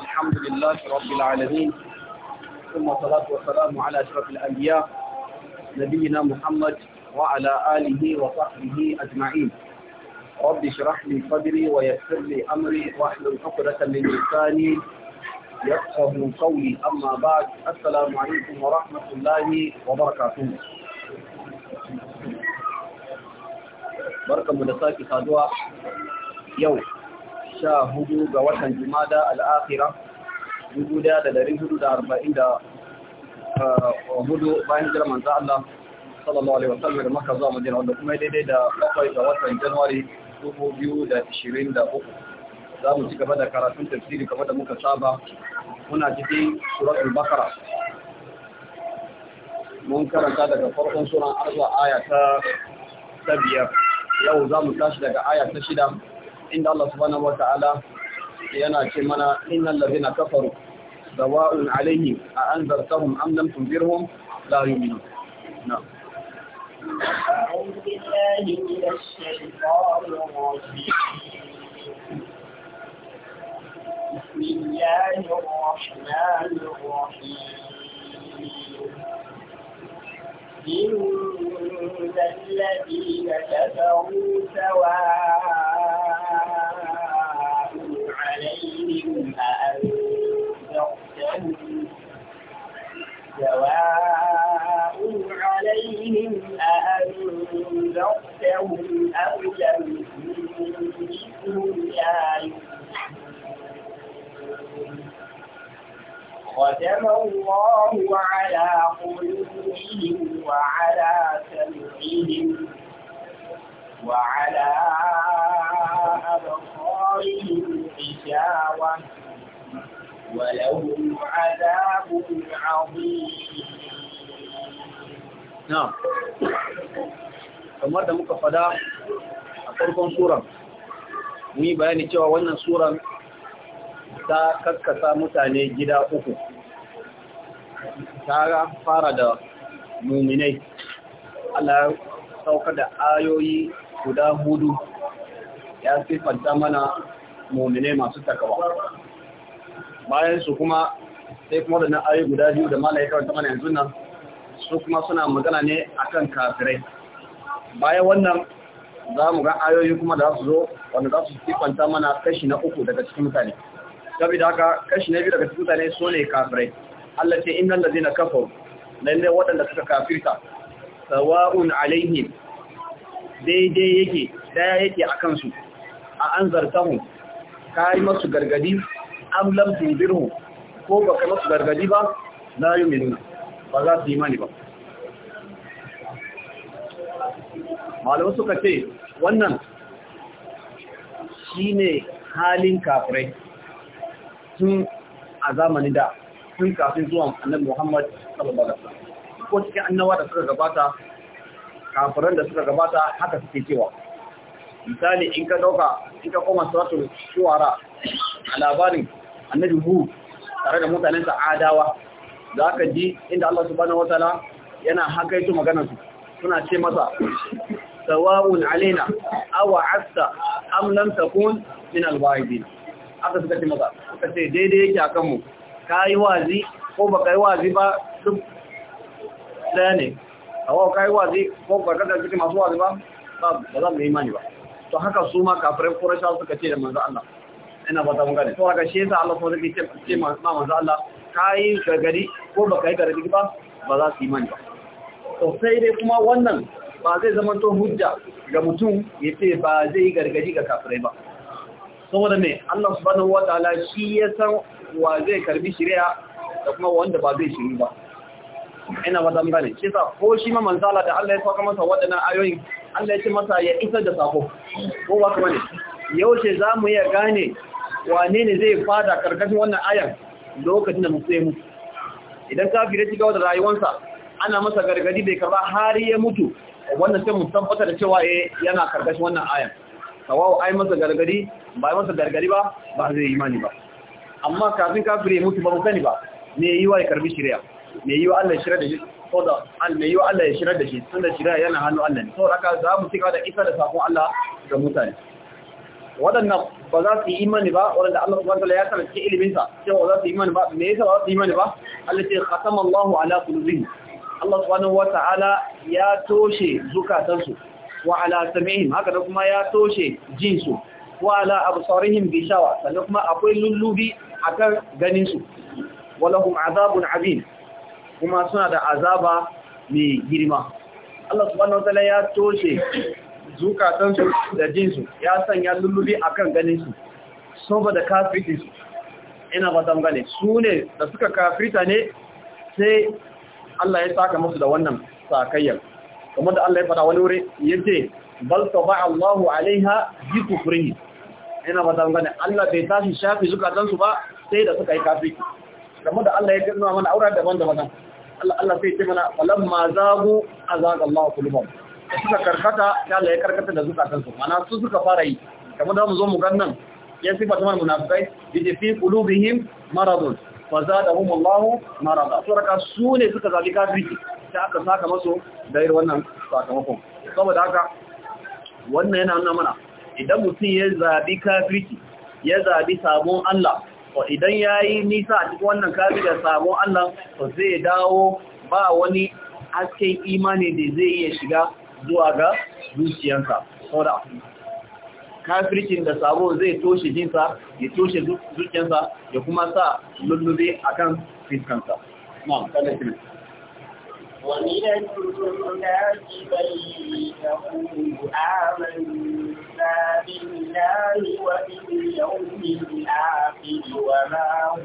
الحمد لله رب العالمين ثم الصلاة والسلام على أشرف الأنبياء نبينا محمد وعلى آله وصحبه أجمعين رب اشرح لي صدري ويسر لي أمري واحلل عقدة من لساني يفقه قولي أما بعد السلام عليكم ورحمة الله وبركاته بركة da sake خادوة يوم sha hudu ga watan jimada al'akira dubu daya da dari hudu da arba'in da uh, hudu bayan jiran za Allah sallallahu alaihi wasallam da maka zuwa majina wanda kuma daidai da bakwai ga watan januwari dubu biyu da ishirin da uku za mu ci gaba da karatun tafsiri kama da muka saba muna cikin suratul bakara mun karanta daga farkon suna arzuwa aya ta biyar yau za mu tashi daga aya ta shida inda Allah subhanahu wa ta'ala yana ce mana innal ladhina kafaru sawa'un alaihim a anzartahum am lam tunzirhum la yu'minun na'am أعوذ بالله من الشيطان الرجيم بسم الله الرحمن الرحيم إن الذين كفروا سواء ختم الله على قلوبهم وعلى سمعهم وعلى أبصارهم حجاوة ولهم عذاب عظيم نعم kamar da muka fada a farkon sura mun yi bayani cewa wannan sura ta kaskasa mutane gida uku ta fara da muminai Allah sauka da ayoyi guda hudu ya siffanta mana muminai masu takawa bayan su kuma sai kuma da na ayoyi guda biyu da mala ya karanta mana yanzu nan su kuma suna magana ne akan kafirai bayan wannan za mu ga ayoyi kuma da za su zo wanda za su siffanta mana kashi na uku daga cikin mutane saboda aka kashi na biyu daga cikin mutane so ne kafirai Allah ce innal na kafa lalle waɗanda suka kafirta sawa'un alaihi daidai yake daya yake a su a ka yi masu gargadi an lam birhu ko baka masu gargadi ba yi yu'minu ba za su imani ba malamai suka ce wannan shine halin kafirai tun a zamanin da tun kafin zuwa annabi Muhammad sallallahu ko cikin annawa da suka gabata kafiran da suka gabata haka suke cewa misali in ka dauka in ka koma suratul shuara a labarin annabi hu, tare da mutanen sa'adawa, adawa zaka ji inda Allah subhanahu wataala yana hakaito maganar su suna ce masa sawa'un alaina aw asta am lam takun min al-ghaibin aka suka ce masa suka ce daidai yake a kanmu ka yi wazi ko ba ka yi wazi ba duk daya ne a wa ka yi wazi ko ba ka da cikin masu wazi ba ba za mu yi imani ba to haka su ma kura kurashawa suka ce da manzo Allah ina ba ta mun gani to haka shi yasa Allah ko zai ce ce ma manzo Allah ka yi gargadi ko ba yi gargadi ba ba za su yi mani ba to sai dai kuma wannan ba zai zama to hujja ga mutum yace ba zai yi gargadi ga kafirai ba saboda ne Allah subhanahu wataala shi ya san wa zai karbi shari'a da kuma wanda ba zai shiri ba ina fata mun gane shi sa ko shi ma manzala da Allah ya saka masa waɗannan ayoyin Allah ya ce masa ya isar da sako ko ba kuma ne yaushe za mu iya gane wane ne zai fada karkashin wannan ayan lokacin da mutu ya mutu idan kafin ya ci gaba da rayuwarsa ana masa gargadi bai karba har ya mutu wannan sai mu tabbatar da cewa eh, yana karkashin wannan ayan kawawa ai masa gargadi ba masa gargadi ba ba zai imani ba amma kafin ya mutu ba sani ba me yiwa ya karbi shirya. me yiwa Allah ya shirya da shi ko da an me Allah ya shirya da shi tunda shari'a yana hannu Allah ne saboda haka za mu cika da isa da sakon Allah ga mutane waɗannan ba za su yi imani ba waɗanda Allah subhanahu wataala ya sanar cikin ilimin sa cewa za su yi imani ba me yasa ba su yi imani ba Allah ce khatama Allahu ala qulubihim Allah subhanahu wataala ya toshe zukatansu wa ala samihim haka da kuma ya toshe jinsu wa ala absarihim bishawa sannan kuma akwai lullubi akan ganin su walahum azabun azim kuma suna da azaba mai girma Allah subhanahu wataala ya toshe zukatan su da jinsu ya sanya lullubi akan ganin su saboda kafirci su ina ba zan gane su ne da suka kafirta ne sai Allah ya saka musu da wannan sakayyar kamar da Allah ya faɗa wani wuri yace bal taba'a Allahu alaiha bi kufrihi ina ba dan gane Allah bai tashi shafi zukatan su ba sai da suka yi kafiri kamar da Allah ya gina mana aura daban-daban Allah Allah sai ya ce mana falamma zagu azaga Allahu qulubahum suka karkata Allah ya karkata da zukatan su mana su suka fara yi kamar da mu zo mu gannan ya sifa ta mana munafikai bi fi qulubihim maradun fa zadahum Allahu marada suraka sune suka zabi kafiri sai aka saka masu da yi wannan sakamakon saboda haka wannan yana nuna mana idan mutum ya zabi kafirki, ya zabi sabon Allah ko idan yayi nisa a cikin wannan kafirki da sabon Allah to zai dawo ba wani hasken imani da zai iya shiga zuwa ga zuciyarsa, saboda kafirkin da sabon zai toshe jinsa ya toshe zuciyansa ya kuma sa lullube kan fiskansa. Ma'am, kada shi ومن الناس من يقول آمنا بالله وباليوم الآخر وما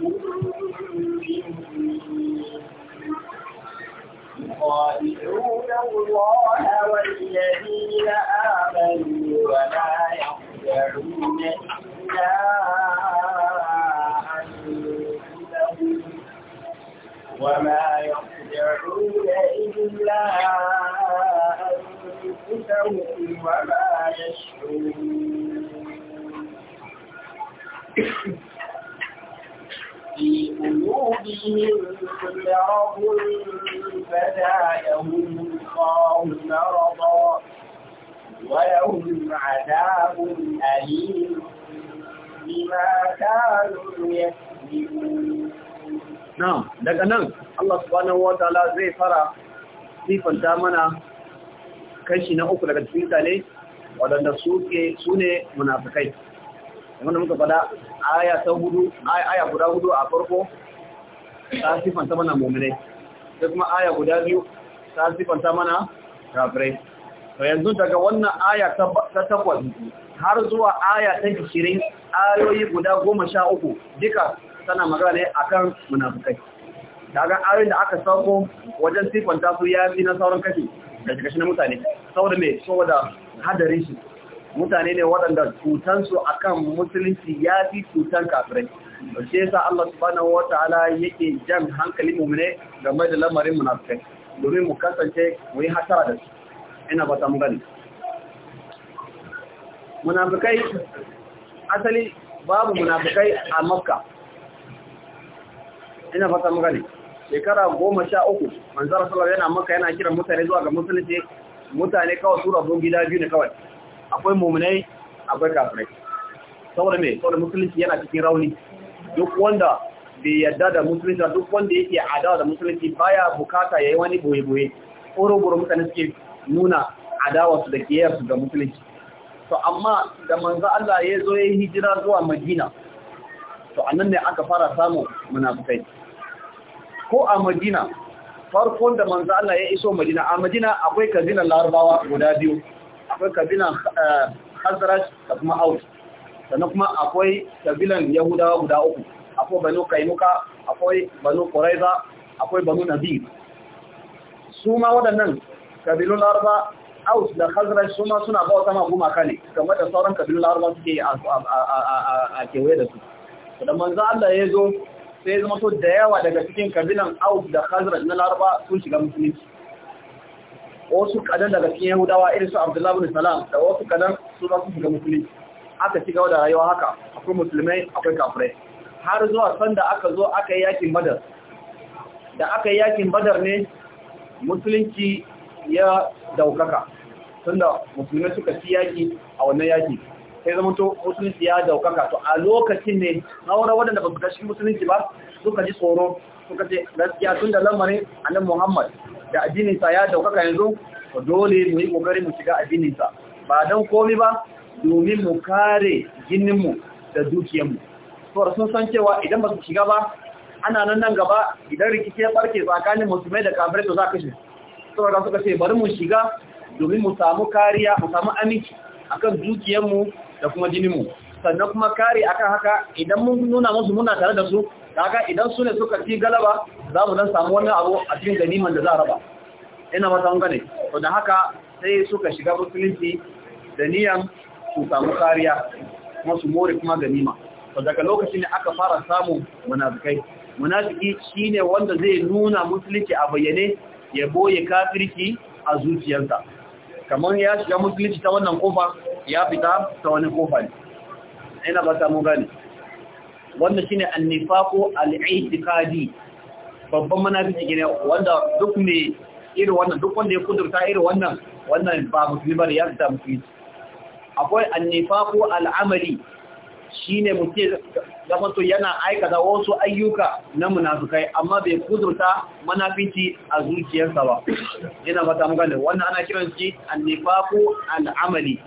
subhanahu wataala zai fara sifanta mana kashi na uku daga cikin mutane wadanda suke su ne munafikai kamar da muka faɗa aya ta hudu aya guda hudu a farko ta sifanta mana muminai sai kuma aya guda biyu ta sifanta mana kafirai to yanzu daga wannan aya ta takwas har zuwa aya ta 20 ayoyi guda goma sha uku duka tana magana ne akan munafikai Daga ayoyin da aka sauko wajen sifanta su ya fi na sauran kashi da shi na mutane saboda mai saboda hadari shi mutane ne waɗanda cutansu kan musulunci ya fi cutan kafirai shi yasa Allah subhanahu wataala yake jan hankali mu ne game da lamarin munafikai domin mu kasance mu yi hasara da su ina ba ta mu gani asali babu munafikai a makka ina fata mu gani shekara goma sha uku manzara yana maka yana kiran mutane zuwa ga musulunci mutane kawai su rabon gida biyu ne kawai akwai mummunai, akwai kafirai saboda me saboda musulunci yana cikin rauni duk wanda bai yadda da musulunci duk wanda yake adawa da musulunci baya bukata yayi wani boye boye ƙoro mutane suke nuna adawa su da kiyayar ga musulunci to amma da manza Allah ya zo ya hijira zuwa Madina to annan ne aka fara samu munafikai ko a madina farkon da manzo Allah ya iso madina a madina akwai kabilan larabawa guda biyu akwai kabilan eh, hazraj da kuma aus sannan kuma akwai kabilan yahudawa guda uku akwai banu kainuka akwai banu quraiza akwai banu nadir su ma waɗannan kabilun laraba aus da khazraj su ma suna bauta ma gumaka ne kamar da sauran kabilun laraba suke a kewaye da su da manzo Allah ya zo sai zama so da yawa daga cikin kabilan Auf da Khazraj na Laraba sun shiga musulunci wasu kadan daga cikin Yahudawa irin su Abdullahi bin Salam da wasu kadan su za su shiga musulunci aka ci gaba da rayuwa haka akwai musulmai akwai kafirai har zuwa sanda aka zo aka yi yakin Badar da aka yi yakin Badar ne musulunci ya daukaka tunda musulmai suka ci yaki a wannan yaki sai zama to musulunci ya daukaka to a lokacin ne haura waɗanda ba su tashi musulunci ba suka ji tsoro suka ce gaskiya tun da lamarin annabi Muhammad da addininsa ya daukaka yanzu to dole mu yi kokari mu shiga addininsa ba don komai ba domin mu kare jininmu da dukiyarmu to sun san cewa idan ba su shiga ba ana nan nan gaba idan rikici barke tsakanin musulmai da kafirai to za ka shi suka ce bari mu shiga domin mu samu kariya mu samu aminci akan dukiyarmu da kuma jininmu sannan kuma kare akan haka idan mun nuna musu muna tare da su kaga idan su ne suka ci galaba za mu dan samu wani abu a cikin ganiman da za a raba ina mata mun gane to da haka sai suka shiga musulunci da niyan su samu kariya kuma su more kuma ganima to daga lokacin ne aka fara samun munafikai munafiki shine wanda zai nuna musulunci a bayyane ya boye kafirki a zuciyarsa kamar ya shiga musulunci ta wannan kofa ya fita ta wani kofa ne ina ba samu gani wanda shine annifaqu al-i'tiqadi babban munafici ne wanda duk ne irin wannan duk wanda ya kudurta irin wannan wannan ba musulmi bane ya fita musulunci akwai Annifa al-amali shine muke zamanto yana aikata wasu ayyuka na munafukai amma bai kudurta manafici a zuciyarsa ba yana fata magana wannan ana kiran shi annifaqu al'amali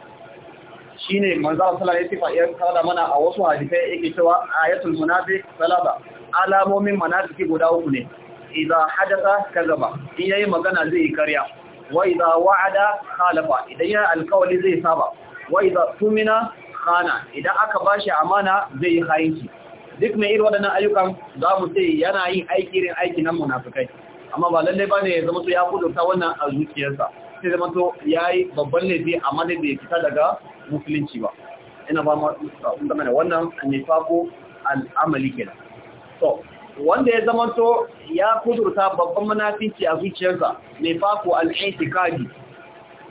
ne manzo sallallahu alaihi wasallam ya kada mana a wasu hadisai ke cewa a ayatul munafiq salaba alamomin manafiki guda uku ne idan ka gaba in yayi magana zai karya wa idan wa'ada khalafa idan ya alkawali zai saba wa idan tumina khana idan aka bashi amana zai yi hainci duk mai irin waɗannan ayyukan za mu sai yana yin aiki irin aiki nan munafikai amma ba lallai ba ne ya zama to ya kudurta wannan a zuciyarsa sai zama to ya yi babban laifi amma da bai fita daga musulunci ba ina ba ma zama da wannan nifako al'amali kenan to wanda ya zama to ya kudurta babban munafici a zuciyarsa nifako al'itikadi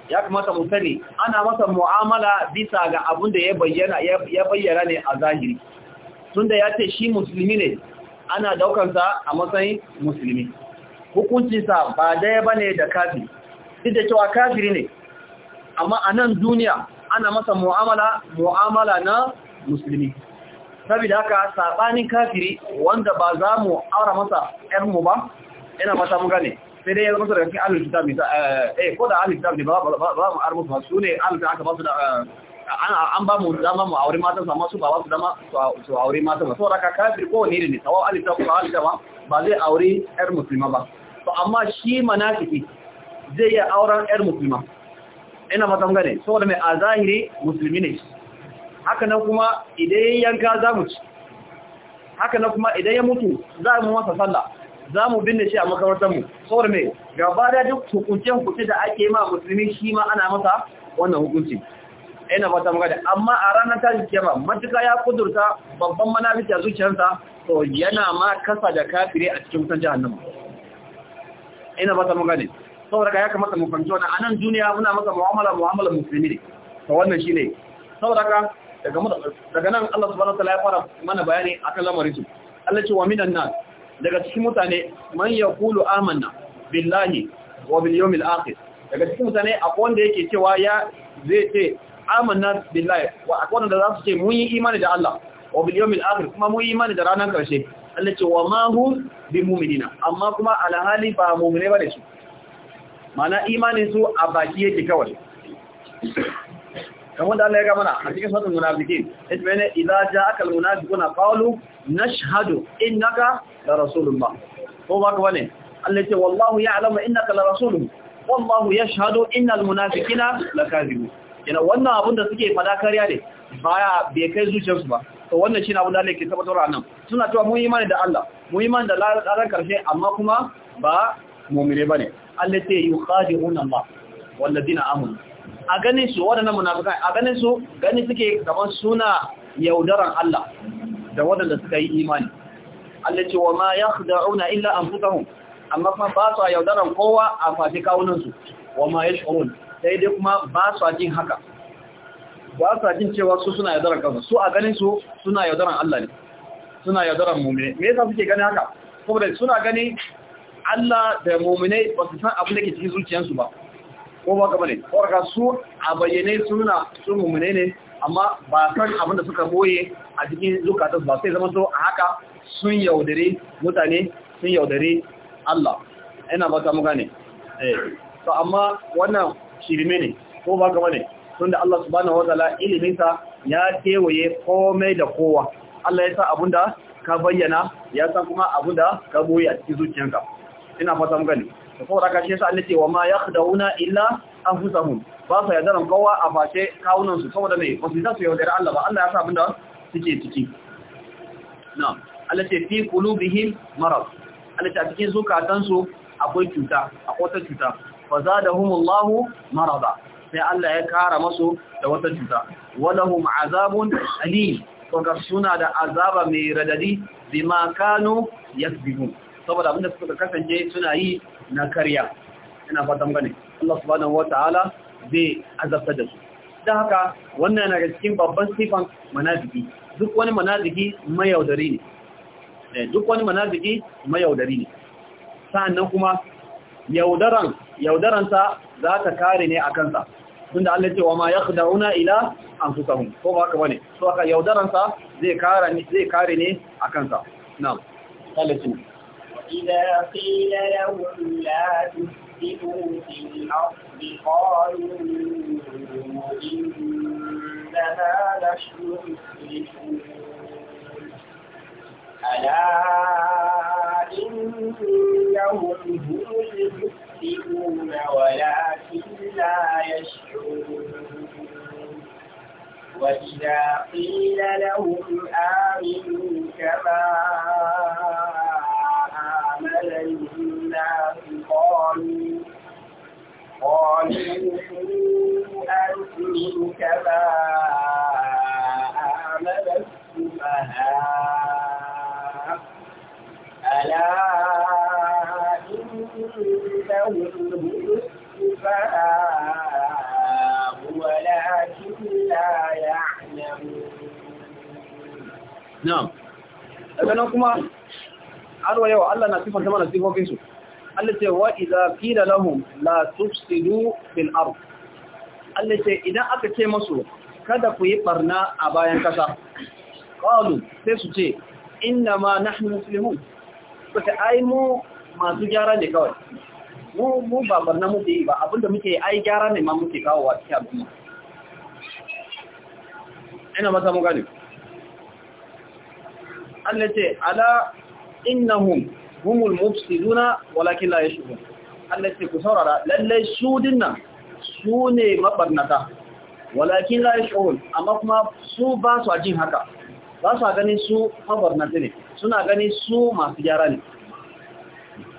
ya kamata mu sani ana masa mu'amala bisa ga abin da ya bayyana ya bayyana ne a zahiri tunda ya ce shi musulmi ne ana sa a matsayin musulmi hukuncinsa ba daya bane da kafiri duk da cewa kafiri ne amma a nan duniya ana masa mu'amala mu'amala na musulmi saboda haka sabanin kafiri wanda ba za mu aura masa 'yarmu mu ba ina fata mu gane sai dai ya zama su daga cikin ahlul kitab eh, eh ko da ahlul kitab ne ba ba mu armu ba su ne ahlul aka ba su da eh, an ba mu dama mu aure matan amma su ba ba su dama su aure matan ba saboda ka kafir ko ne ne tawa ahlul kitab ko ahlul kitab ba zai aure yar musulma ba to amma shi manafiki zai iya auren yar musulma ina matan gane saboda mai a zahiri musulmi ne haka nan kuma idan yanka za mu ci haka nan kuma idan ya mutu za mu masa sallah za mu binne shi a mu. saboda mai gaba da duk hukuncen kuce da ake ma musulmi shi ma ana masa wannan hukunci ina fata ta magana amma a ranar ta kiyama matuka ya kudurta babban ta zuciyarsa to yana ma kasa da kafire a cikin wutan jahannama ina ba ta magana saboda ga ya kamata mu fahimci a anan duniya muna masa mu'amala mu'amala musulmi ne to wannan shi ne. saboda ka daga nan Allah subhanahu wa ta'ala ya fara mana bayani akan lamarin su Allah ce wa minan nas daga cikin mutane man yaqulu amanna billahi wa bil yawmil akhir daga cikin mutane akwai wanda yake cewa ya zai ce amanna billahi wa akwai wanda za su ce mun yi imani da Allah wa bil yawmil akhir kuma mun yi imani da ranar karshe Allah ce wa ma hum bi mu'minina amma kuma alhali ba mu'mine bane su mana imanin su a baki yake kawai kamar da Allah ya ga a cikin sunan munafikin ismene idza ja'akal munafiquna qalu nashhadu innaka rasulun ba. ko ba ka ne Allah ce wallahu ya'lamu innaka la rasuluhu wallahu yashhadu innal munafiqina lakazibun yana wannan abin da suke fada kariya ne baya bai kai zuciyarsu ba to wannan shine abin da Allah ke tabbatar a nan suna cewa mun imani da Allah mun imani da ranar karshe amma kuma ba mu'mine bane Allah ce yukhadi'una Allah walladina amanu a ganin su waɗannan munafikai a ganin su gani suke gaban suna yaudaran Allah da waɗanda suka yi imani Allah ce wa ma yakhda'una illa anfusahum amma fa ba su yaudaran kowa a fafi kawunan su wa ma yash'urun sai dai kuma ba su jin haka ba su jin cewa su suna yaudaran kansu su a ganin su suna yaudaran Allah ne suna yaudaran mu'mini me yasa suke gani haka saboda suna gani Allah da mu'mini ba su san abin da ke cikin zuciyarsu ba ko ba ka bane saboda su a bayyane suna sun mummune ne amma ba san abin da suka boye a cikin zukatansu ba sai zama to a haka sun yaudare mutane sun yaudare Allah ina ba ta muka ne eh, to amma wannan shirme ne ko ba bane, tun tunda Allah subhanahu wataala sa ya kewaye komai da kowa Allah ya sa abinda ka bayyana ya san kuma abinda ka boye a cikin zuciyanka ina fata muka ne da saboda ka shi yasa Allah ce wa ma yakhda'una illa anfusahum ba sa yadda kowa a face kawunan su saboda mai wasu za su yaudare Allah ba Allah ya sa abin da suke ciki na Allah ce fi qulubihim marad Allah ce a cikin zukatan su akwai cuta akwai wata cuta fa zadahumullahu marada sai Allah ya kara masu da wata cuta walahum azabun alim to suna da azaba mai radadi bima kanu yakzibun saboda abinda suka kasance suna yi na karya ina fatan bane. Allah subhanahu wataala zai azabta da su don haka wannan na cikin babban sifan manaziki duk wani manaziki mayaudari ne eh, duk wani manaziki yaudari ne sannan kuma yaudaran yaudaransa za ta kare ne a kansa tunda Allah ya ce wa ma yakhda'una ila anfusahum ko ba ka bane so haka yaudaransa zai kare ne zai kare ne a kansa na'am sallallahu alaihi وإذا قيل لهم لا تفسدوا في الأرض قالوا إنما نحن مفلحون ألا إنهم هم المفسدون ولكن لا يشعرون وإذا قيل لهم آمنوا كما عليهم الناس قالوا قالوا أنتم كما آمن السفهاء ألا إنهم هم السفهاء ولكن لا يعلمون نعم no. أبنكما har wa yau Allah na sifanta mana sifofin su Allah ce wa idza qila lahum la tufsidu fil ard Allah ce idan aka ce musu kada ku yi barna a bayan kasa qalu sai su ce inna ma nahnu muslimun kace ai mu masu gyara ne kawai mu mu ba barna mu yi ba abinda muke yi ai gyara ne ma muke kawo wa cikin al'umma ina mata mu gani Allah ce ala innahum humul mufsiduna walakin la yashurun Allah sai ku saurara lalle su su ne mabarnata walakin la yashurun amma kuma su ba su jin haka ba su gani su mabarnata ne suna gani su masu gyara ne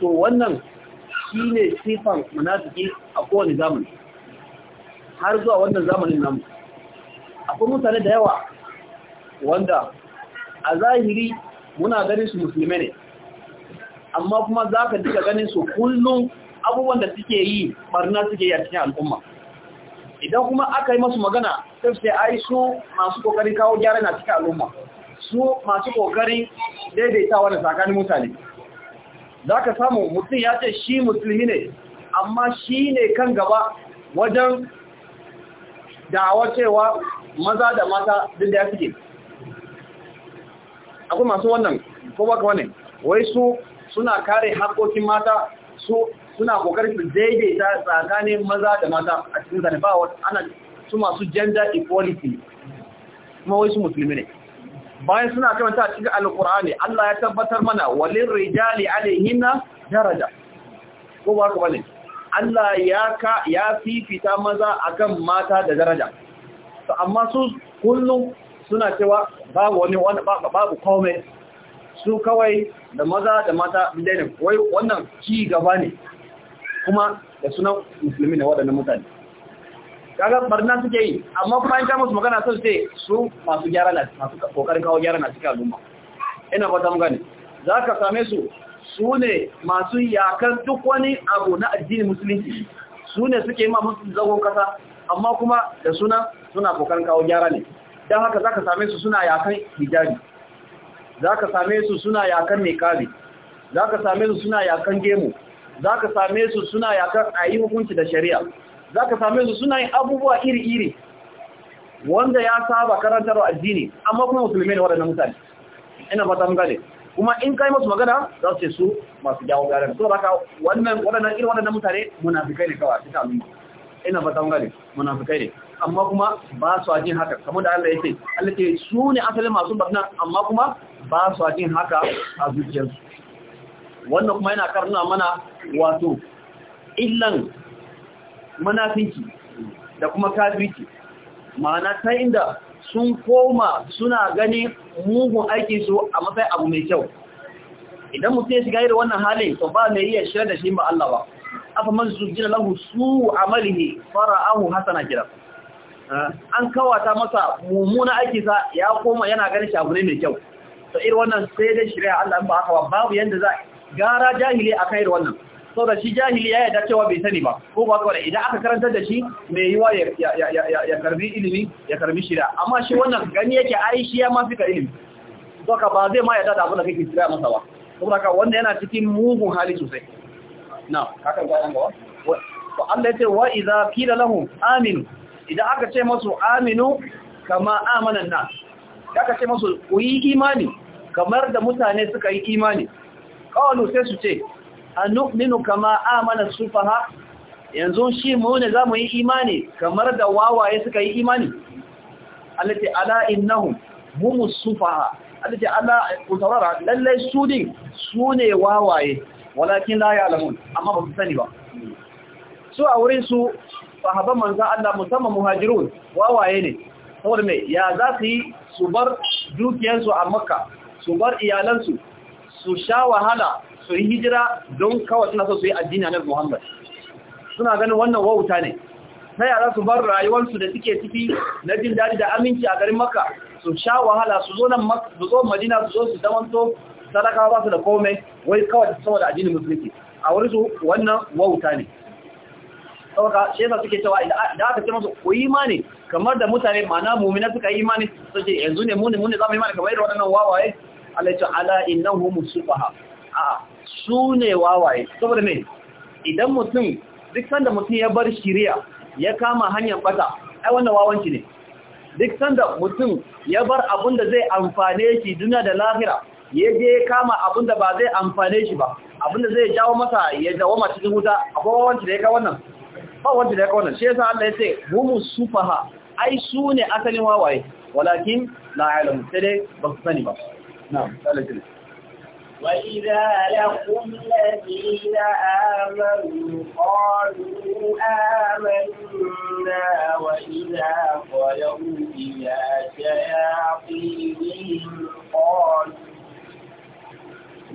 to wannan shine sifan munafiki a kowane zamani har zuwa wannan zamanin nan, akwai mutane da yawa wanda a zahiri muna ganin su musulmi ne amma kuma za ka duka ganin su kullum abubuwan da suke yi barna suke yi a cikin al'umma idan kuma aka yi masu magana sai sai ai su masu kokari kawo gyara na cikin al'umma su masu kokari daidaitawa da tsakanin mutane za ka samu mutum ya ce shi musulmi ne amma shi ne kan gaba wajen da cewa maza da mata duk da ya akwai masu wannan ko baka wannan wai su suna kare haƙoƙin mata su suna kokarin su daidaita tsakanin maza da mata a cikin zane ba ana su masu gender equality kuma wai su musulmi ne bayan suna karanta a cikin alkur'ani Allah ya tabbatar mana walin rijali alaihinna daraja ko ba ka Allah ya fifita maza akan mata da daraja amma su kullum suna cewa babu wani babu komai su kawai da maza da mata bidanin wai wannan ci gaba ne kuma da sunan musulmi ne waɗannan mutane kaga barna suke yi amma kuma an su magana sun ce su masu gyara na masu kokarin kawo gyara na cikin al'umma ina ba ta gane za ka same su su ne masu yakan duk wani abu na addinin musulunci su ne suke ma musu zagon kasa amma kuma da suna suna kokarin kawo gyara ne don haka za ka same su suna yakan hijabi za ka same su suna yakan mekabi za ka same su suna yakan gemu za ka same su suna yakan a yi hukunci da shari'a za ka same su suna yin abubuwa iri-iri wanda ya saba karantar addini amma kuma musulmi ne waɗannan mutane ina fata mun gane kuma in kai musu magana za su ce su masu jawo garan so haka wannan waɗannan irin waɗannan mutane munafikai ne kawai cikin al'umma ina ba tsawon gane munafikai ne amma kuma ba su jin haka kamar da Allah ya ce Allah ce su ne asalin masu barna amma kuma ba su jin haka a zuciyarsu wannan kuma yana karnuna mana wato illan munafiki da kuma kafirci ma'ana ta inda sun koma suna gani mugun aikin su a matsayin abu mai kyau idan mutum ya shiga irin wannan halin to ba mai iya shirar da shi ba Allah ba afa man zujjira lahu su amalihi fara'ahu hasana kira an kawata masa mumuna aiki sa ya koma yana ganin shi abu ne mai kyau to irin wannan sai dai shari'a Allah in ba haka babu yanda za gara jahili akan irin wannan saboda shi jahili ya yarda cewa bai sani ba ko ba kawai idan aka karantar da shi mai yiwa ya karbi ilimi ya karbi shari'a amma shi wannan gani yake ai shi ya ma fika ilimi to ka ba zai ma yarda da abin da kake tsira masa ba saboda ka wanda yana cikin mugun hali sosai na kakan ga dan gawa Allah ya ce wa idza qila lahum aminu idan aka ce masu aminu kama amanan nas aka ce masu ku yi imani kamar da mutane suka yi imani qalu sai su ce anu'minu kama amana sufaha yanzu shi mu ne mu yi imani kamar da wawaye suka yi imani Allah ce ala innahum humus sufaha Allah ce ala ku lallai lalle su din su ne wawaye walakin la ya'lamun amma ba su sani ba su a wurin su sahabban manzo Allah musamman muhajirun wawaye ne saboda me ya za su yi su bar dukiyarsu a Makka su bar iyalansu su sha wahala su yi hijira don kawai suna so su yi addini na Muhammad suna ganin wannan wauta ne ta yara su bar rayuwarsu da suke ciki na jin daɗi da aminci a garin Makka su sha wahala su zo nan Madina su zo su zamanto sadaka ba su da komai wai kawai saboda addinin musulunci a wuri su wannan wauta ne saboda shi yasa suke cewa idan aka ce musu ku yi imani kamar da mutane mana mu'mina suka yi imani su ce yanzu ne mu ne mu ne zamu imani kamar irin wannan wawaye Allah ya ce ala innahu musufaha a su ne wawaye saboda me idan mutum duk sanda mutum ya bar shiriya ya kama hanyar bata ai wannan wawanci ne duk sanda mutum ya bar abin da zai amfane shi duniya da lahira ya je kama abin da ba zai amfane shi ba abin da zai jawo masa ya jawo masu cikin wuta akwai wancan da ya ka wannan ba da ya ka wannan shi yasa Allah ya ce sufaha ai su ne asalin wawaye walakin na ya'lamu sai dai ba su sani ba na'am sallallahu وَإِذَا لَقُوا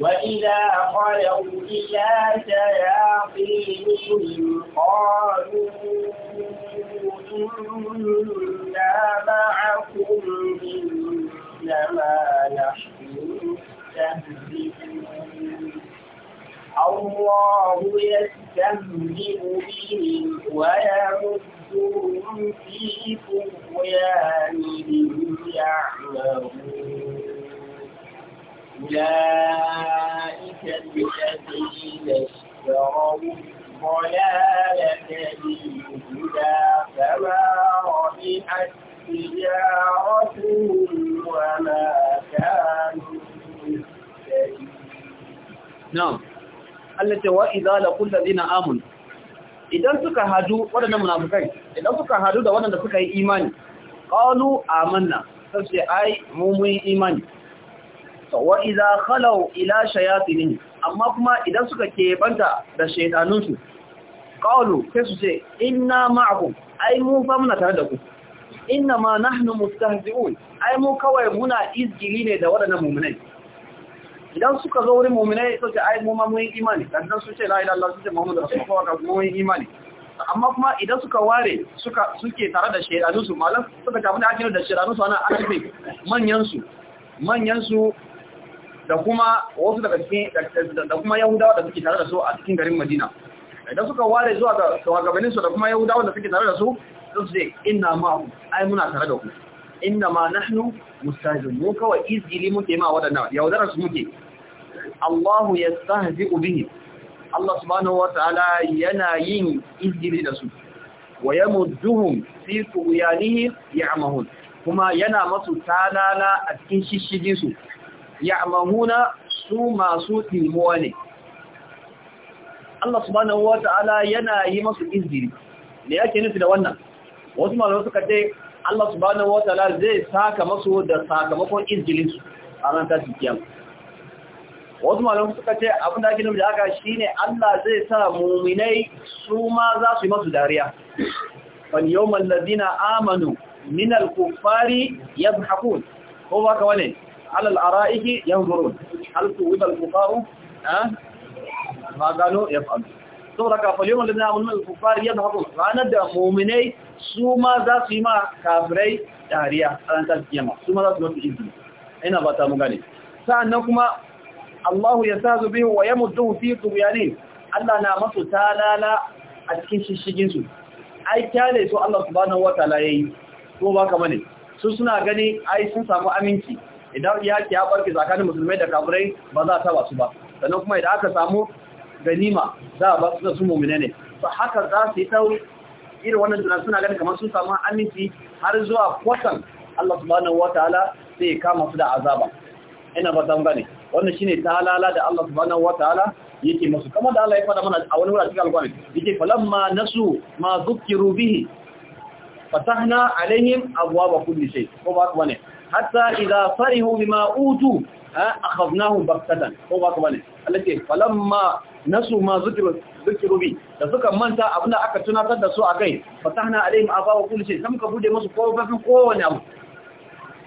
وإذا خلوا إلى شياطينهم قالوا إنا معكم إنما نحن الله يستهزئ بهم ويمدهم في طغيانهم يعمهون أولئك الذين اشتروا الضلالة بالهدى فما ربحت تجارتهم وما كانوا نعم. التي وإذا لقوا الذين آمنوا idan suka hadu waɗannan munafukai idan suka hadu da waɗanda suka yi imani qalu amanna sai ai mu mun imani wa idza khalau ila shayatin amma kuma idan suka kebanta da shaytanunsu qalu sai su ce inna ma'akum ai mu famna tare da ku inna ma nahnu mustahzi'un ai mu kawai muna izgili ne da waɗannan mu'minai idan suka zo wurin mu'minai su ce ai mu ma mun imani dan su ce la ilaha illallah su ce muhammadu rasulullah ka mu imani amma kuma idan suka ware suka suke tare da shaytanunsu malam suka kafa da akira da shaytanunsu ana alfi manyan su manyan su da kuma wasu daga cikin da kuma yahudawa da suke tare da su a cikin garin madina idan suka ware zuwa ga shugabannin su da kuma yahudawa da suke tare da su sun ce inna ma ai muna tare da ku inna ma nahnu mustajibun mu kawai izgili muke ma wadannan yaudarar su muke Allahu yastahzi'u bihi Allah subhanahu ta'ala yana yin izili da su wa yamudduhum fi tughyanihim ya'mahun kuma yana masu talala a cikin shishigin su amamuna su masu ilmuwa ne Allah subhanahu ta'ala yana yi masu izini ne ke nufi da wannan wasu malamai suka ce Allah subhanahu ta'ala zai saka masu da sakamakon izinin su a ran tashin kiyama wasu malamai suka ce abin da ake nufi da haka shine Allah zai sa mu'minai su ma za su yi masu dariya Wani yau ladina amanu nina al ya zuhakun ko ba ka wane على الأرائك ينظرون هل ثوب الكفار ما قالوا يفعل سورك فاليوم الذين آمنوا من الكفار يضحكون راند مؤمني سوما ذا سيما كافري تهريا أن تلقيما سوما ذا سيما في إذن هنا باتا مغاني سأنكما الله يساعد به ويمده في طغيانين الله na masu talala a cikin shishiginsu ai kyale su Allah subhanahu wataala yayi ko ba kama ne su suna gani ai sun samu aminci idan ya ke ya barke tsakanin musulmai da kafirai ba za ta wasu ba sannan kuma idan aka samu ganima za a da su mu'mine ne haka za su yi ta irin wannan tunan suna ganin kamar sun samu aminci har zuwa kwatan Allah subhanahu Ta'ala, sai ya kama su da azaba ina ba zan gane wannan shine talala da Allah subhanahu ta'ala yake musu kamar da Allah ya fada mana a wani wurare cikin alƙur'ani yake falamma nasu ma zukiru bihi fatahna alaihim abwaaba kulli shay ko ba ku ne hatta idza farihu bima utu akhadnahum baktatan ko ba ka bane Allah ce falamma nasu ma zikiru bi da suka manta abinda aka tunatar da su akai fatahna alaihim abawa kullu shay sam ka bude musu ko kofofin kowane abu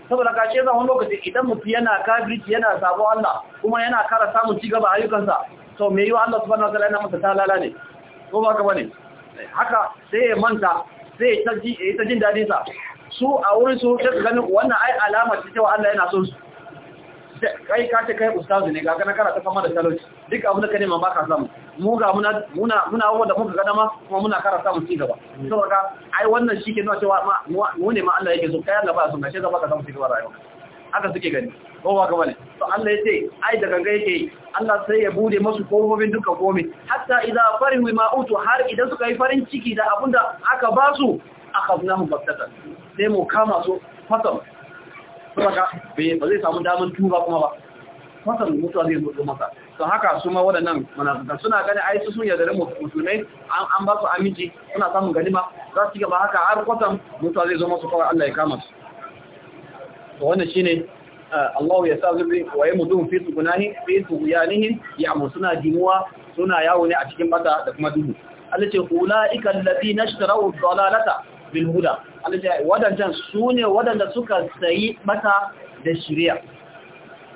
saboda ka ce za wani lokaci idan mutum yana kafirci yana sabo Allah kuma yana kara samun cigaba a ayyukansa to me yiwa Allah subhanahu wataala yana masa talala ne ko ba ka bane haka sai ya manta sai ya ta jin dadin sa su a wurin su ta ganin wannan ai alama ce cewa Allah yana son su kai ka ce kai ustazu ne ga kana kana ta fama da talauci duk abin da ka nema baka samu mu ga muna muna muna abubuwan da muka gada ma kuma muna kara samu ci gaba saboda ai wannan shi ke nuna cewa mu ne ma Allah yake so kai Allah ba son ka ce baka ka samu ci gaba rayuwa haka suke gani kowa ga ne to Allah ya ce ai da ganga yake Allah sai ya bude masu kofofin duka komai hatta idza farihu ma utu har idan suka yi farin ciki da abinda aka ba su akhadnahu baktatan sai mu kama su fatam saboda bai ba zai samu daman tura kuma ba fatam mutuwa zai mutu masa to haka su ma waɗannan munafikan suna gani ai su sun yadda musulmai an ba su aminci suna samun ganima za su gaba haka har kwatam mutuwa zai zo masu kawai Allah ya kama su to wannan shine Allah ya sa zubi wa ya mutum fi tsugunahi fi tsuguyanihi ya mu suna dimuwa suna yawo ne a cikin bata da kuma duhu Allah ce ulaika allazi nashtarau dalalata bil huda sune wadanda suka sayi bata da rabi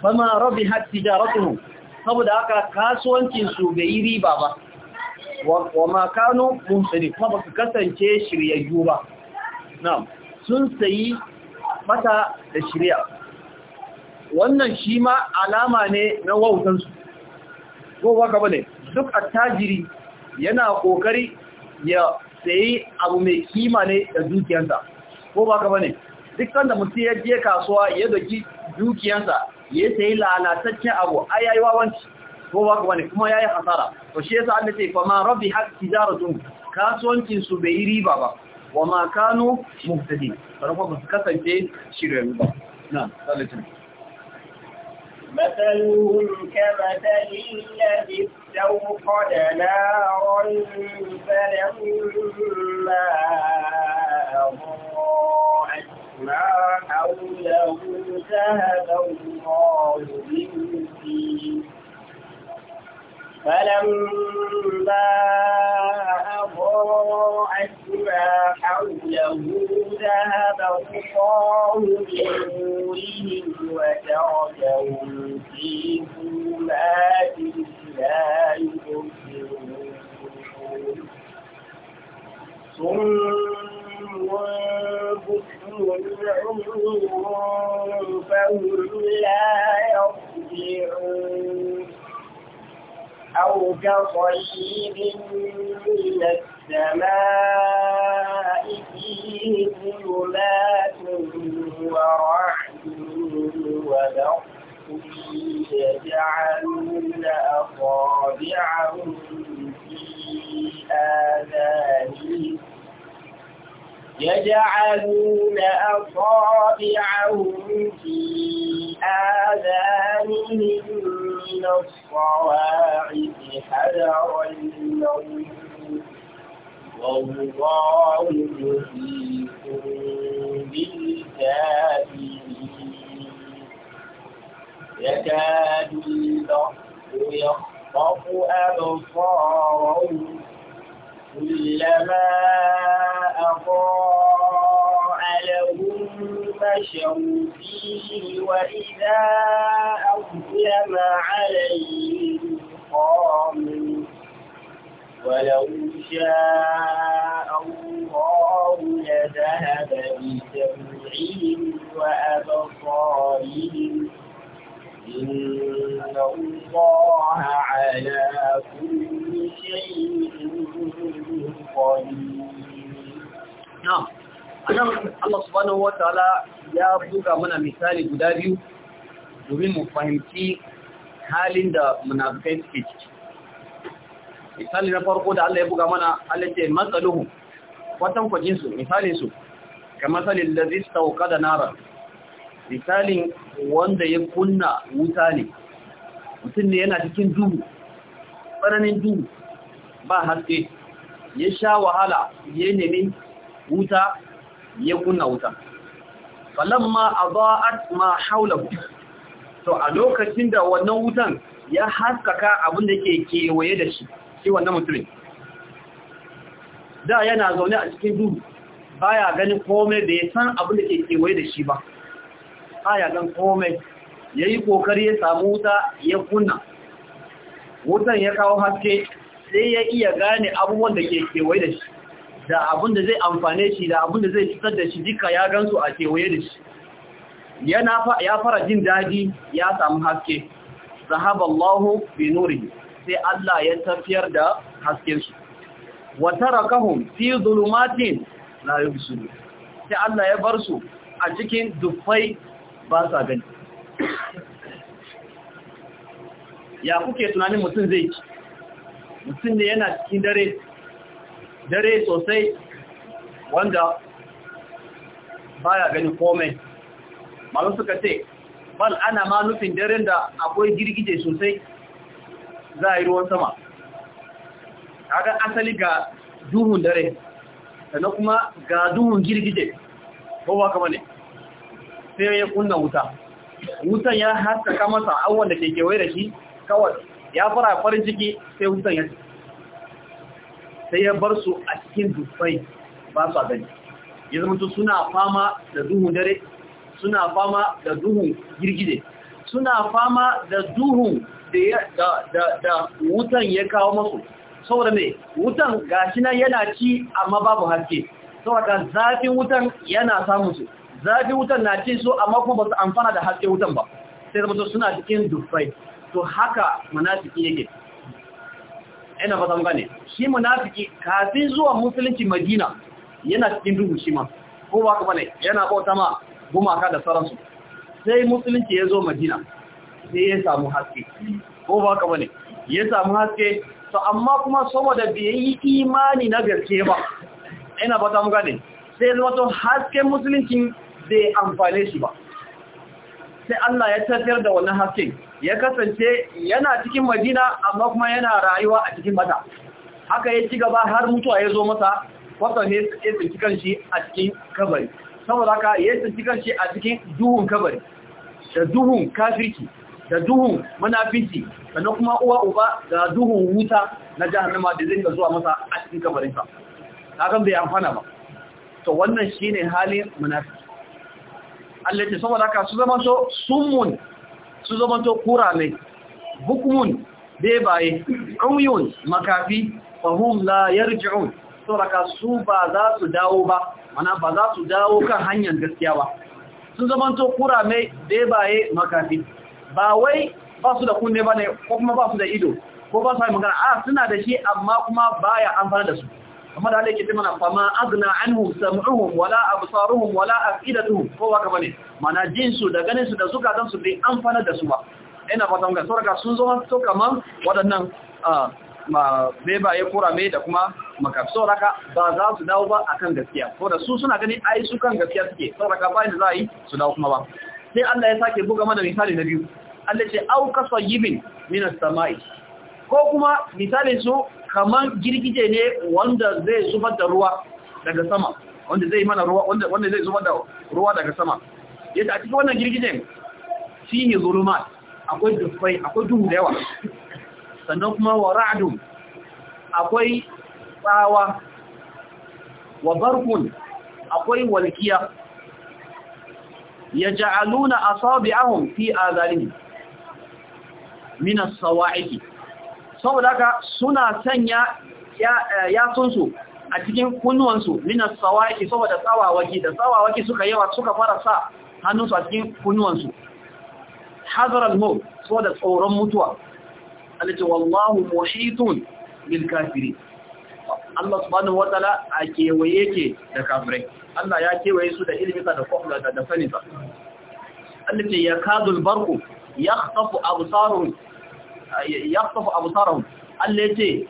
Rabi rabihat tijaratuhum saboda haka kasuwancin su bai yi riba ba wa ma kanu mumsiri kuma su kasance shiryayyu ba na'am sun sayi mata da shirya wannan shi ma alama ne na wautansu ko waka bane duk attajiri yana kokari ya sayi abu mai kima ne da dukiyansa? ko ba ka bane dukkan da mutum ya je kasuwa ya doki dukiyansa ya sayi lalataccen abu ai yayi wawanci ko ba ka bane kuma yayi hasara to shi yasa Allah ce fa ma rabbi hak tijaratun kasuwancin su bai riba ba wa ma kanu muhtadin sarfa ba kasance shirye ba na sallallahu مثلهم كمثل الذي استوقد نارا فلما أضاءت ما حوله ذهب الله بالنسبة فلما أضاءت ما حوله ذهب الله بنورهم وتركهم في ظلمات لا يبصرون ثم بكم عمر فهم لا يرجعون كطيب من السماء فيه ظلمات ورعد وبرق يجعلون أصابعهم في آذانهم يجعلون أصابعهم في آذانهم الصواعق حذر الموت والله يحيط بالكافرين يكاد البحر يخطف أبصارهم كلما أضاء له مشوا فيه وإذا أظلم عليهم قاموا ولو شاء الله لذهب بسمعهم وأبصارهم إن الله على كل شيء قدير نعم anan Allah subhanahu wataala ya buga mana misali guda biyu domin mu fahimci halin da munafikai suke ciki misali na farko da Allah ya buga mana Allah ce matsaluhu watan kwajin su misalin su ga da zai sauka da nara misalin wanda ya kunna wuta ne mutum ne yana cikin duhu tsananin duhu ba haske ya sha wahala ya nemi wuta ya kunna wuta falamma adaat ma hawlahu to a lokacin da wannan wutan ya haskaka abin da yake kewaye da shi shi wannan mutumin da yana zaune a cikin duhu baya ganin komai bai san abin da ke kewaye da shi ba baya gan komai yayi kokari ya samu wuta ya kunna wutan ya kawo haske sai ya iya gane abubuwan da ke kewaye da shi da abin da zai amfane shi da abin da zai cutar da shi duka ya gansu a kewaye da shi ya fara jin daɗi ya samu haske zahaballahu bi nuri sai Allah ya tafiyar da hasken su wa tarakahum fi zulumatin la yubsirun sai Allah ya bar su a cikin dufai ba sa gani ya kuke tunanin mutum zai mutum ne yana cikin dare dare sosai wanda baya gani komai malu suka ce bal ana ma nufin daren da akwai girgije sosai za a yi ruwan sama kaga asali ga duhun dare sannan kuma ga duhun girgije ko ba kama ne sai ya kunna wuta wutan ya haskaka masa awon da ke kewaye da shi kawai ya fara farin ciki sai wutan ya sai ya bar su a cikin dufai ba su gani ya zamanto suna fama da duhun dare suna fama da duhun girgide suna fama da duhun da wutan ya kawo masu saboda mai wutan gashi nan yana ci amma babu haske saboda zafin wutan yana samun su zafin wutan na ci su amma kuma ba su amfana da haske wutan ba sai zama suna cikin dufai to haka munafiki yake ina ba gane shi munafiki kafin zuwa musulunci madina yana cikin duhu shi ma ko ba ka bane yana bauta ma gumaka da sauransu sai musulunci ya zo madina sai ya samu haske ko ba ka bane ya samu haske to amma kuma saboda bai yi imani na gaske ba ina ba ta gane sai wato haske musulunci bai amfane shi ba sai Allah ya tafiyar da wannan hasken ya kasance yana cikin madina amma kuma yana rayuwa a cikin mata haka ya ci gaba har mutuwa ya zo masa kwasan ne ya tsinci kanshi a cikin kabari saboda haka ya tsinci kanshi a cikin duhun kabari da duhun kafirki da duhun munafici sannan kuma uwa uba da duhun wuta na jahannama da zai zuwa masa a cikin kabarinsa hakan bai amfana ba to wannan shine halin munafiki Allah ya saboda haka su zama so mun. su zamanto kurame bukmun bebaye umyun makafi fahum la yarji'un saraka su ba za su dawo ba mana ba za su dawo kan hanyar gaskiya ba sun zamanto kurame bebaye makafi ba wai ba su da kunne ba ne ko kuma ba su da ido ko ba su magana a suna da shi amma kuma baya amfana da su kamar da alaiki mana fama azna anhum sam'uhum wala absaruhum wala afidatuhum ko waka bane mana jin su da ganin su da dan su bai amfana da su ba ina fatan ga sauraka sun zo to kaman waɗannan ma bebaye kurame da kuma makaf raka, ba za su dawo ba akan gaskiya ko da su suna gani ai su kan gaskiya suke saraka bayan da za yi su dawo kuma ba sai Allah ya sake buga mana misali na biyu Allah ce au kasayibin as sama'i ko kuma misalin su kamar girgije ne wanda zai zubar da ruwa daga sama wanda zai mana ruwa wanda wanda zai zubar da ruwa daga sama yadda a cikin wannan girgijen ne zuluma akwai dufai akwai duhu da yawa sannan kuma wa ra'dum akwai tsawa wa barkun akwai walkiya yaj'aluna asabi'ahum fi azalihim min as-sawa'iqi saboda haka suna sanya eh, yatsunsu a cikin kunnuwansu minas tsawaki saboda tsawawaki da tsawawaki suka yawa suka fara sa hannunsu a cikin kunnuwansu hazarar mo saboda tsoron mutuwa alati wallahu muhitun bil kafiri Allah subhanahu wataala a kewaye ke da kafirai Allah ya kewaye su da ilminsa da kwafla da saninsa alati ya kadul barku ya abu absarun yaqtafu absarahum Allah ce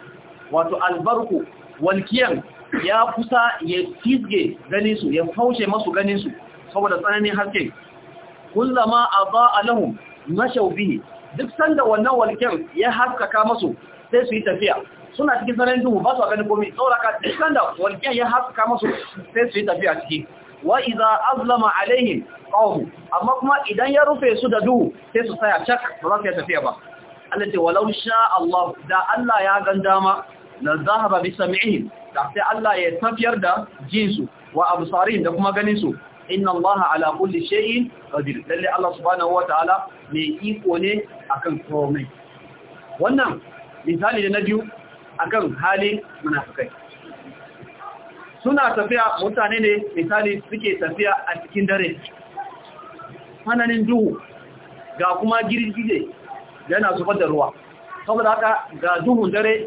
wato albarku walkiyan ya kusa ya fizge ganin su ya faushe masu ganin su saboda tsananin haske kullama adaa lahum mashaw bihi duk sanda wannan walkiyan ya haskaka masu sai su yi tafiya suna cikin tsananin duhu ba su gani komai saboda duk sanda walkiyan ya haskaka masu sai su yi tafiya ciki wa idza azlama alaihim qawm amma kuma idan ya rufe su da duhu sai su tsaya cak ba za su tafiya ba Allah ce walau sha Allah da Allah ya gan dama na zahaba bi sam'ihim da sai Allah ya tafiyar da jinsu wa absarihim da kuma ganin su inna Allah ala kulli shay'in qadir lalle Allah subhanahu wa ta'ala ne iko ne akan komai wannan misali da na biyu akan su munafikai suna tafiya mutane ne misali suke tafiya a cikin dare hananin duhu ga kuma girgije yana zubar da ruwa saboda haka ga duhun dare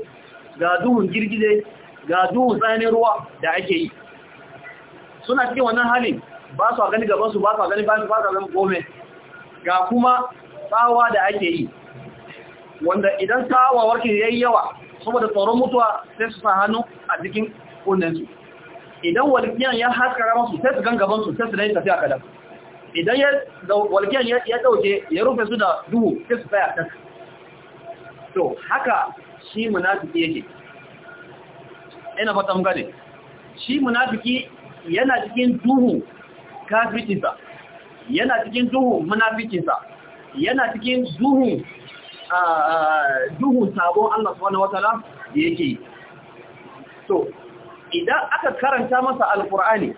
ga duhun girgije ga duhun tsanin ruwa da ake yi suna cikin wannan halin ba su gani gabansu su ba su gani ba su ba su gani gome ga kuma tsawa da ake yi wanda idan tsawa warkin yayi yawa saboda tsoron mutuwa sai su sa hannu a cikin kunnen su idan walikiyan ya haskara masu sai su gan gaban su sai su dai tafiya kadan idan ya walƙiyar ya ɗauke ya rufe su da duhu sai su tsaya ta to haka shi munafiki yake ina fata mun shi munafiki yana cikin duhu kafircinsa yana cikin duhu munafikinsa yana cikin duhu duhu sabon Allah subhanahu wataala da yake to idan aka karanta masa alkur'ani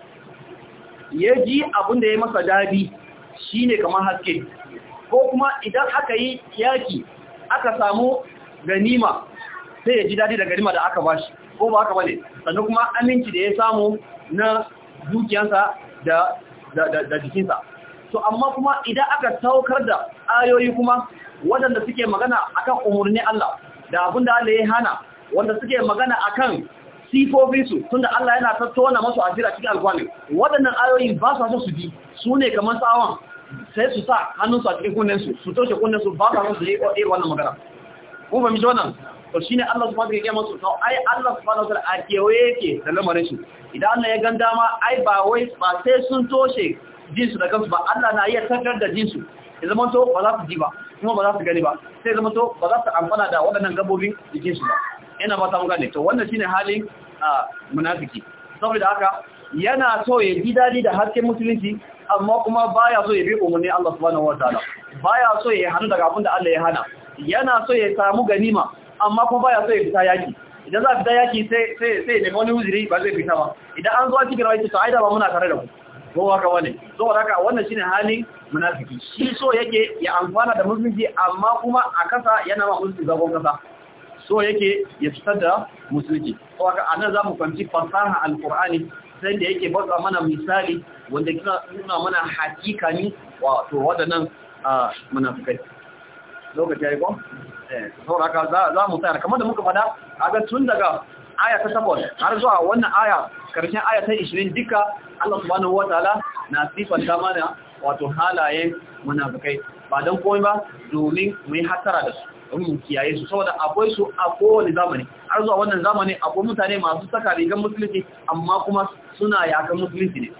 ya ji abin da ya masa dadi shine kamar haske ko kuma idan aka yi yaki aka samu ganima sai ya ji dadi da ganima da aka ba shi, ko ba aka bane sannan kuma aminci da ya samu na dukiyansa da da jikinsa to amma kuma idan aka saukar da ayoyi kuma wadanda suke magana akan umarni Allah da abin da Allah ya hana wanda suke magana akan sifofinsu tunda Allah yana tattauna masu asira cikin alƙwani waɗannan ayoyin ba sa su bi su ne kamar tsawon sai su sa hannunsu a cikin kunnensu su toshe kunnensu ba sa so su yi irin wannan magana ko ba mi ji wannan to shine Allah subhanahu wa ta'ala masu kawo ai Allah su wa ta'ala a kewaye yake da lamarin shi idan Allah ya gan dama ai ba wai ba sai sun toshe jinsu da kansu ba Allah na iya tattar da jinsu ya zama to ba za su ji ba kuma ba za su gani ba sai zama to ba za su amfana da waɗannan gabobin jikinsu ba ina ba ta gane to wannan shine halin munafiki saboda haka yana so ya ji dadi da hasken musulunci amma kuma baya so ya bi umarni Allah subhanahu wataala baya so ya hanu daga abin da Allah ya hana yana so ya samu ganima amma kuma baya so ya fita yaki idan za a fita yaki sai sai sai ne wani uzuri ba zai fita ba idan an zo a cikin rayuwa to da ba muna tare da ku ko haka wani so haka wannan shine halin munafiki shi so yake ya amfana da musulunci amma kuma a kasa yana ma musulunci zagon kasa so yake ya fitar da musulunci ko aka anan mu fahimci fasaha alqur'ani sai da yake baka mana misali wanda kina nuna mana hakika ne wato wadannan munafikai lokaci ai ko eh to haka za mu tsaya kamar da muka fada aga tun daga aya ta 8 har zuwa wannan aya karshen aya ta 20 duka Allah subhanahu wataala na sifanta mana wato halayen munafikai ba don komai ba domin mu yi hasara da su domin mu kiyaye su saboda akwai su a kowane zamani har zuwa wannan zamani akwai mutane masu saka rigar musulunci amma kuma suna yakan musulunci ne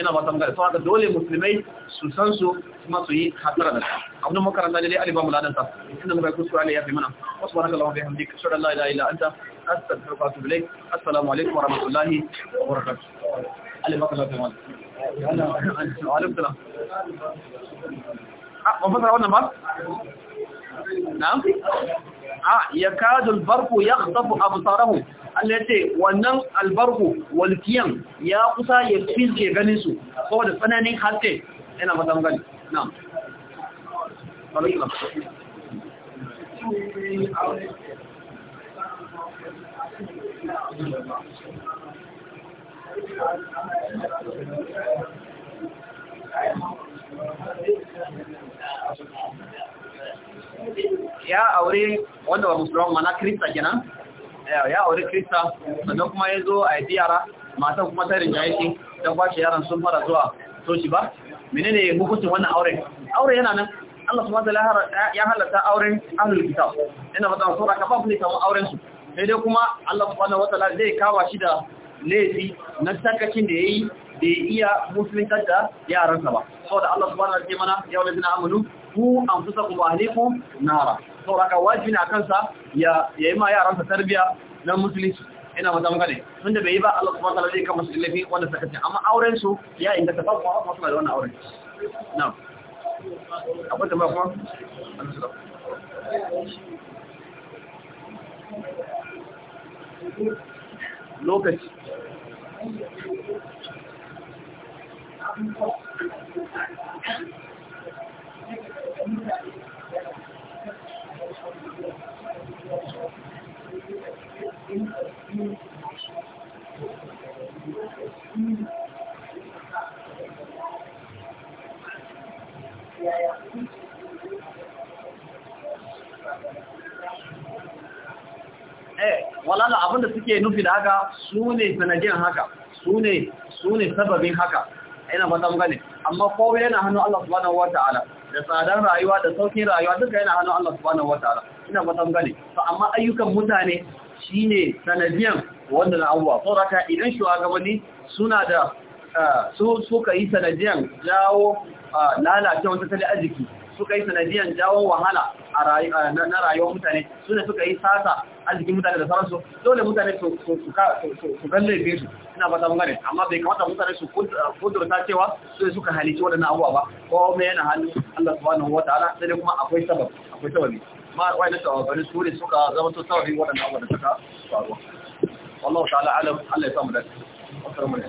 ina ba tambayar saboda dole musulmai su san su kuma su yi hatara da su abin makaranta dai alibamu mu ladan ta inda muka kuskure ali ya fi mana wasu baraka Allah bi hamdi shukran la ilaha illa anta astaghfiruka wa atubu ilaik assalamu alaikum wa rahmatullahi wa barakatuh alibamu ba ta wa alaikum salam a ah, ba fasara wannan ba na'am a ah, yakadul barqu yaghtafu absarahum Allah yace wannan albarku walkiyan ya kusa ya fizge ganin su saboda tsananin haske yana madan gani na'am Thank you. ya aure wanda ba musulman mana krista kenan ya aure krista sannan kuma ya zo a yi yara masu kuma ta jayashi don kwashe yaran sun fara zuwa soci ba menene hukuncin wannan aure aure yana nan Allah su mazala ya halatta auren ahlul kitab ina mata sura ka babu ne kamar auren su sai dai kuma Allah su wa wata zai kawa shi da laifi na takacin da yi da iya musulunta da yaransa ba saboda Allah su wa ta'ala mana ya da zina amanu ku anfusakum wa ahliku nara raka wajibi na kansa ya yi ma yaransa tarbiya na musulunci ina mata muka ne tun bai yi ba Allah subhanahu wa ta'ala zai kama su lafi wanda suka ce amma auren su ya inda ta babu kuma da wannan auren na akwai ta babu lokaci Eh, walala abinda suke nufi da haka su ne sanadin haka su ne sababin haka ina fata mun gane amma komai yana hannun Allah subhanahu wataala da tsadar rayuwa da saukin rayuwa duka yana hannun Allah subhanahu wataala ina fata mun gane to amma ayyukan mutane shine sanadiyan wanda na abuwa raka idan shugabanni suna da eh, su suka yi sanadiyan jawo eh, wata tattalin arziki suka yi sanadiyar jawo wahala na rayuwar mutane su ne suka yi sasa arzikin mutane da sauransu dole mutane su galle biyu su suna ba samun gane amma bai kamata mutane su uh, kudurta cewa su ne suka halici waɗannan abuwa ba ko mai yana hannu Allah subhanahu wa ta'ala sai dai kuma akwai sabab akwai sababi ma su ne suka zama su waɗannan abuwa da suka faruwa wallahu ta'ala alam Allah ya samu